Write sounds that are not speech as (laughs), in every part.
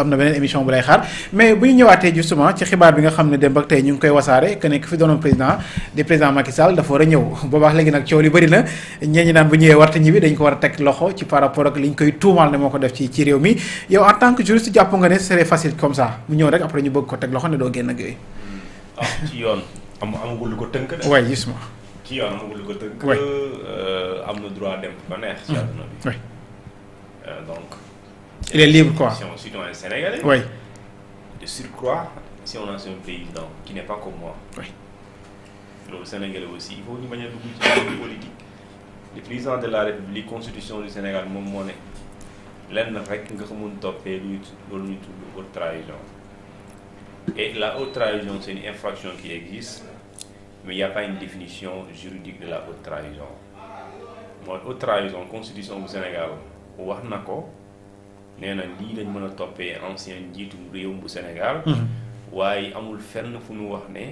am na beneen émission bu lay xaar mais bu ñëwaatee justement ci xibaar bi nga xam ne dem ak tey ñu ngi koy wasaare que fi doonoon président di président Macky dafa war a ñëw boobaax léegi nag coow li bëri na ñëwee warta ñibbi dañ ko war a teg loxo ci par rapport ak li ñu koy tuumaal ne moo ko def ci réew mi yow en tant que juriste jàpp nga ne c'est facile comme ça mu ñëw rek après ñu bëgg ko teg loxo ne doo génn ak yooyu. Ah, am amagul ko tënk de. waay justement. ci yoon amagul euh, am na droit dem ba il est libre quoi. Si on, si on est sénégalais. Oui. De surcroît, si on lance un président qui n'est pas comme moi. Oui. Le Sénégalais aussi, il faut une manière de politique. Le président de la République, constitution du Sénégal, moom moo ne lenn rek nga ko mun toppee luy loolu ñuy tudd haute trahison. Et la haute trahison, c'est une infraction qui existe, mais il a pas une définition juridique de la haute trahison. Mooy haute trahison constitution bu Sénégal wax na ko. nee na lii lañ mën a toppee ancien njiitu réewum bu Sénégal. Mhm. waaye amul fenn fu nu wax ne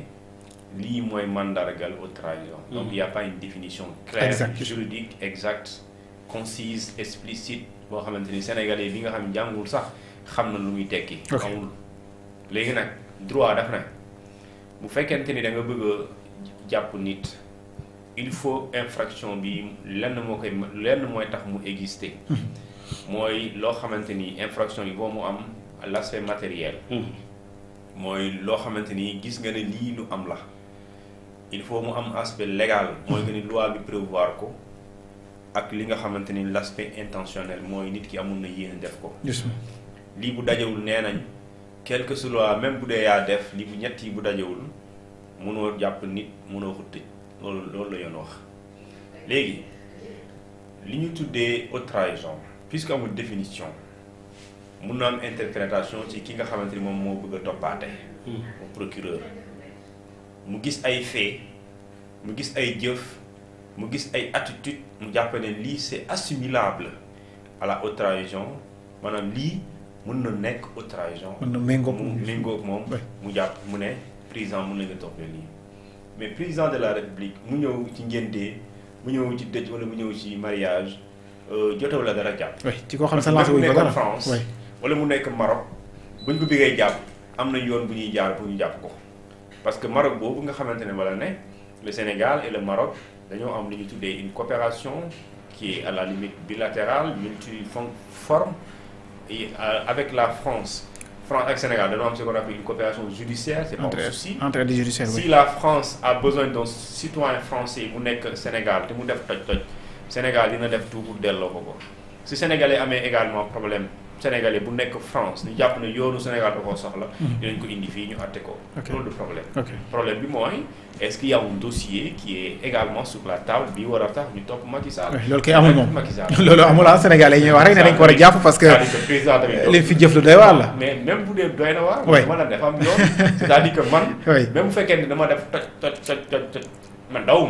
lii mooy màndargal haute trahison. Mhm. donc il y a pas une définition claire juridique exacte concise explicite boo xamante ni sénégalais bi nga xam ne jàngul sax xam na lu muy tekki. amul léegi nag droit daf na bu fekkente ni da nga bëgg a jàpp nit. il faut infraction bi lenn moo koy lenn mooy tax mu exister. Mhm. mooy loo xamante ni infraction yi boo mu am l' aspect matériel. Hmm. mooy loo xamante ni gis nga ne lii lu am la. il faut mu am aspect légal mooy que ni loi bi prévoir ko ak li nga xamante ni l' aspect intentionnel mooy nit ki amoon na yéen def ko. lii bu dajewul nee nañ quelque soit même bu dee yaa def lii bu ñett bu dajewul mënoo jàpp nit mënoo ko tëj loolu loolu la yoon wax léegi li ñu tuddee haute trahison puisque amul définition mun na am interprétation ci ki nga xamante ni moom moo bëgg a toppaate. Hmm. mu procureur mu gis ay fait mu gis ay jëf mu gis ay attitude mu jàpp ne lii c'est assimilable à la haute trahison maanaam lii mun na nekk haute trahison. mun na méngóog moom mu méngóog moom mu jàpp mu ne président mun nañu toppee lii mais président de la république mu ñëw ci ngénte mu ñëw ci dëj wala mu ñëw ci mariage. Euh, jotewu la dara jàpp. oui ci koo xam ne lancé wuñ ko mu nekk Maroc buñ ko bëggee jàpp am nañ yoon bu ñuy jaar pour ñu jàpp ko parce que Maroc boobu nga xamante ne wala ne le Sénégal et le Maroc dañoo am lu ñu tuddee une coopération qui est à la limite bilatérale multiforme et euh, avec la France. France ak Sénégal dañoo am ce qu'on appelle une coopération judiciaire c'est pas un si la France a besoin d'un citoyen français bu nekk Sénégal te mu def toj-toj Sénégal dina def tout pour delloo ko ko si sénégalais amee également problème sénégalais bu nekk France ñu jàpp ne yoonu Sénégal da koo soxla. Mhm. dinañ ko indi fii ñu àtte ko. loolu du problème. bi mooy est-ce qu'il y a dossier qui est également sur table bi war a tax ñu topp Macky Sall. loolu kay amul moom (laughs) loolu amul ah sénégalais ñuy wax rek ne dañ ko war a jàpp parce que. Euh, li fi jëf lu doy waar la. mais même bu dee doy na waar. oui mën a def am yoon. cest à ma.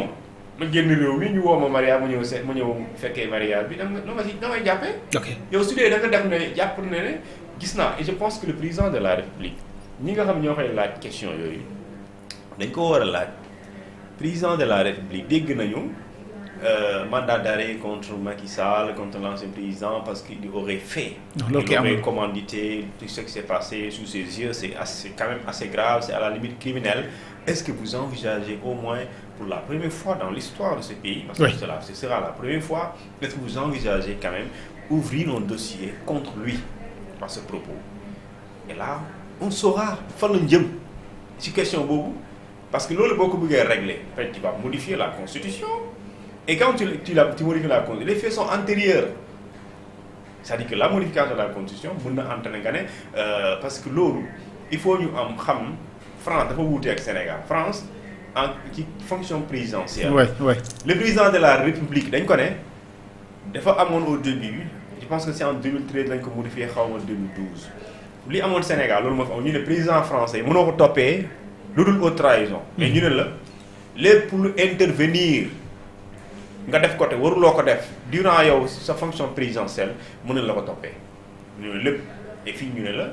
ma génn réew mi ñu woo ma mariage mu ñëw se mu ñëw fekkee mariage bi dam nga no ma si damay jàppee ok yow su dee da nga def ne jàpp ne ne gis naa et je pense que le président de la république ñi nga xam ñoo koy laaj question yooyu dañ ko war a laaj président de la république dégg nañu euh, mandat d'arrêt contre Macky Sall contre l'ancien président parce qu'il aurait fait. loolu kay amul il aurait commandité tout ce qui s'est passé sous ses yeux c'est assez quand même assez grave pour la première fois dans l'histoire de ce pays, parce que oui. cela, ce sera la première fois, est que vous envisagez quand même ouvrir un contre lui à ce propos Et là, on saura fan lañ jëm ci question boobu parce que loolu boo ko bëggee régler en fait tu vas modifier la constitution et quand tu tu la tu la constitution les faits sont antérieurs dire que la modification de la constitution mën na entraîner nga ne euh, parce que loolu il faut ñu am xam France dafa wuute ak Sénégal France. en ci fonction présidentielle. oui oui le président de la république dañ ko ne dafa amoon au début je pense que c'est en 2013 lañ ko modifié xaw ma 2012 li amoon Sénégal loolu moo fi am ñu ne président français mënoo ko toppee lu dul haute trahison. mais ñu ne la lépp lu intervenir nga def ko te waruloo ko def durant yow sa fonction présidentielle mu ne la ko toppee ñu ne lépp et fii ñu ne la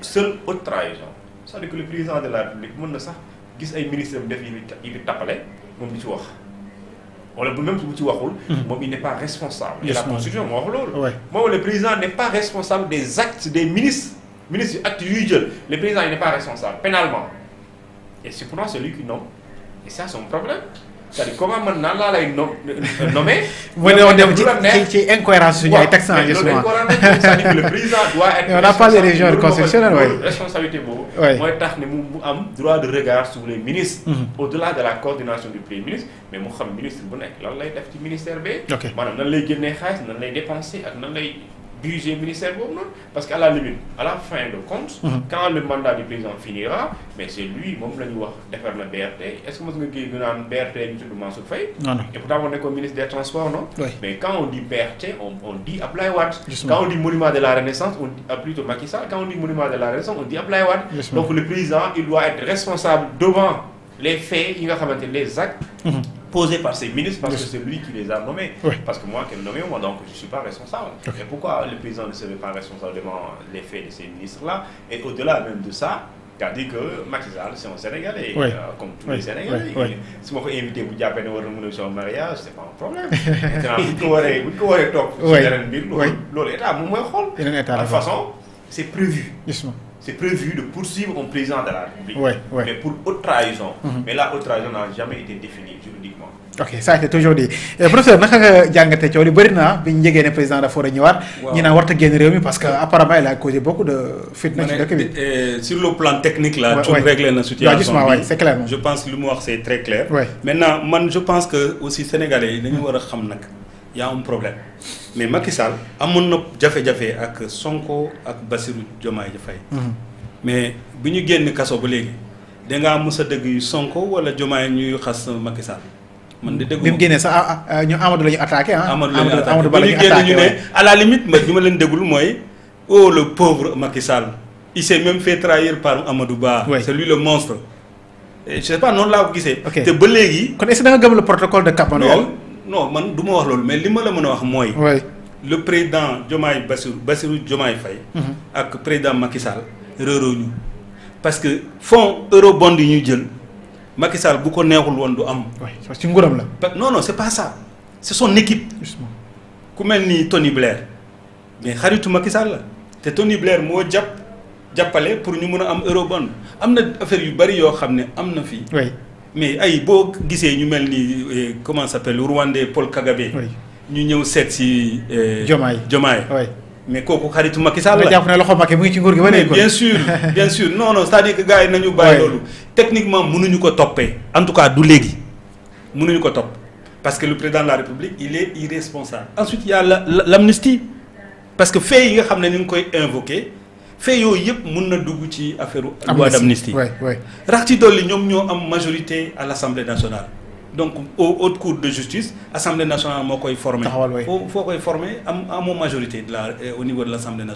seule haute trahison c'est-à-dire que de la république mën na sax. gis ay ministre am def yi bi yi bi tappale moom du ci wax wala bu même bu ci waxul hmm. moom il n'est pas responsable et la constitution moo wax loolu moom le président n'est pas responsable des actes des ministres ministres yu actes yuy le président il n'est pas responsable pénalement et c'est pourtant celui qui et ça c'est problème c'est-à-dire comment man naan laa lay no nommer. mooy dañoo dem ci ci ci incohérence ay textes en gestion cest on n'a pas de constitutionnel waay responsabilité boobu. mooy tax ne mu mu am droit de regard sur les ministres. au-delà de la coordination du premier ministre mais mu xam ministre bu nekk lan lay def ci ministère bi. ok maanaam nan lay génnee xaalis nan lay dépenser ak nan lay. diriger ministère boobu noonu parce que à la limite à la fin de compte. Mhm. quand le mandat du président finira mais c'est lui moom la ñu wax defar na BRT est-ce que mos nga gis ñu naan BRT ñu tudd Mansour Faye. non non et pourtant moo ministre des transports non. mais quand on dit BRT on dit Ablaye Wade. quand on dit monument de la Renaissance on dit plutôt Macky quand on dit monument de la Renaissance on dit Ablaye posées par ses ministres parce oui. que c'est lui qui les a nommés. Oui. Parce que moi, qui ai je suis pas responsable. Okay. le président ne se pas responsable devant de ces ministres-là Et au-delà de ça, car dit que Macky Sall c'est un Sénégalais oui. euh, comme tous oui. les Sénégalais oui. su ma ko invité bu jàppee ne war na mën a son mariage c'est pas un problème (laughs) maintenant bu ñu ko waree bu ñu ko waree toog si yeneen mbir loolu état moom mooy xool prévu c'est prévu de poursuivre un président de la République. Ouais, ouais. Mais pour haute trahison. Mm -hmm. Mais la haute trahison n'a jamais été définie juridiquement. ok ça a toujours dit eh, professeur naka nga jàngatee coow li bëri naa bi ñu ne président dafa war a ñëwaat. waaw ñu génn réew mi parce que apparemment il a causé beaucoup de fitna ci bi. Eh, sur le plan technique la waay waay na situation bi c'est clair. je pense lu mu wax c'est très clair. man je pense que aussi sénégalais yi dañu war a xam nag. y um problème mais Macky Sall amoon na jafe-jafe ak Sonko ak Bassirou Diomaye Faye mhm. mais bi ñu génn kaso ba léegi dangaa mës a dëgg yu Sonko wala Diomaye ñuy xas Macky Sall man de dëgg bi mu génnee sax ah, ah, ñu Amadou la ñu attaqué ah. Amadou Amadou Ba la ñu attaqué ñu ne à la limite ma ñu ma leen déggul mooy oh le pauvre Macky Sall il s'est même fait trahir par Amadou Ba. c'est lui le monstre. je sais pas noonu laa ko gisee. te ba léegi. kon est-ce que da nga non man du ma wax loolu mais li ma la mën a wax mooy. le président Diomaye Bassirou Bassirou Diomaye fay mhm. ak président Macky Sall réeroo ñu. parce que fonds eurobond yi ñu jël Macky bu ko neexul woon du am. waaw ci nguuram la. non non c' est pas ça c' est son équipe. ku mel ni Tony Blair mais xaritu Macky Sall la te Tony Blair moo jàpp jàppale pour ñu mun a am eurobond am na affaire yu bari yoo xam ne am na fii. mais ay boo gisee ñu mel ni eh, comment s'appelle Rwandais Paul Kagame. ñu ñëw seet si. Jomaay eh, Jomaay. mais kooku xaritu Macky Sall la nga jàpp ne loxo Macky mu ngi ci nguur gi ba léegi. bien sûr bien sûr non non c'est-à-dire yi nañu bàyyi loolu. techniquement mënuñu ko toppee. en tout cas du léegi mënuñu ko topp parce que le président de la République il est irresponsable. ensuite il y a l'amnistie parce que fait yi nga xam ne ñu ngi koy invoké fait yooyu yëpp mun na dugg ci affaire loi d'amnistie rax ci dolli ñoom ñoo am majorité à l'Assemblée nationale donc au haute cour de justice assemblée nationale moo koy formé foo koy formé am amoo majorité de la euh, au niveau de l'assemblée nationale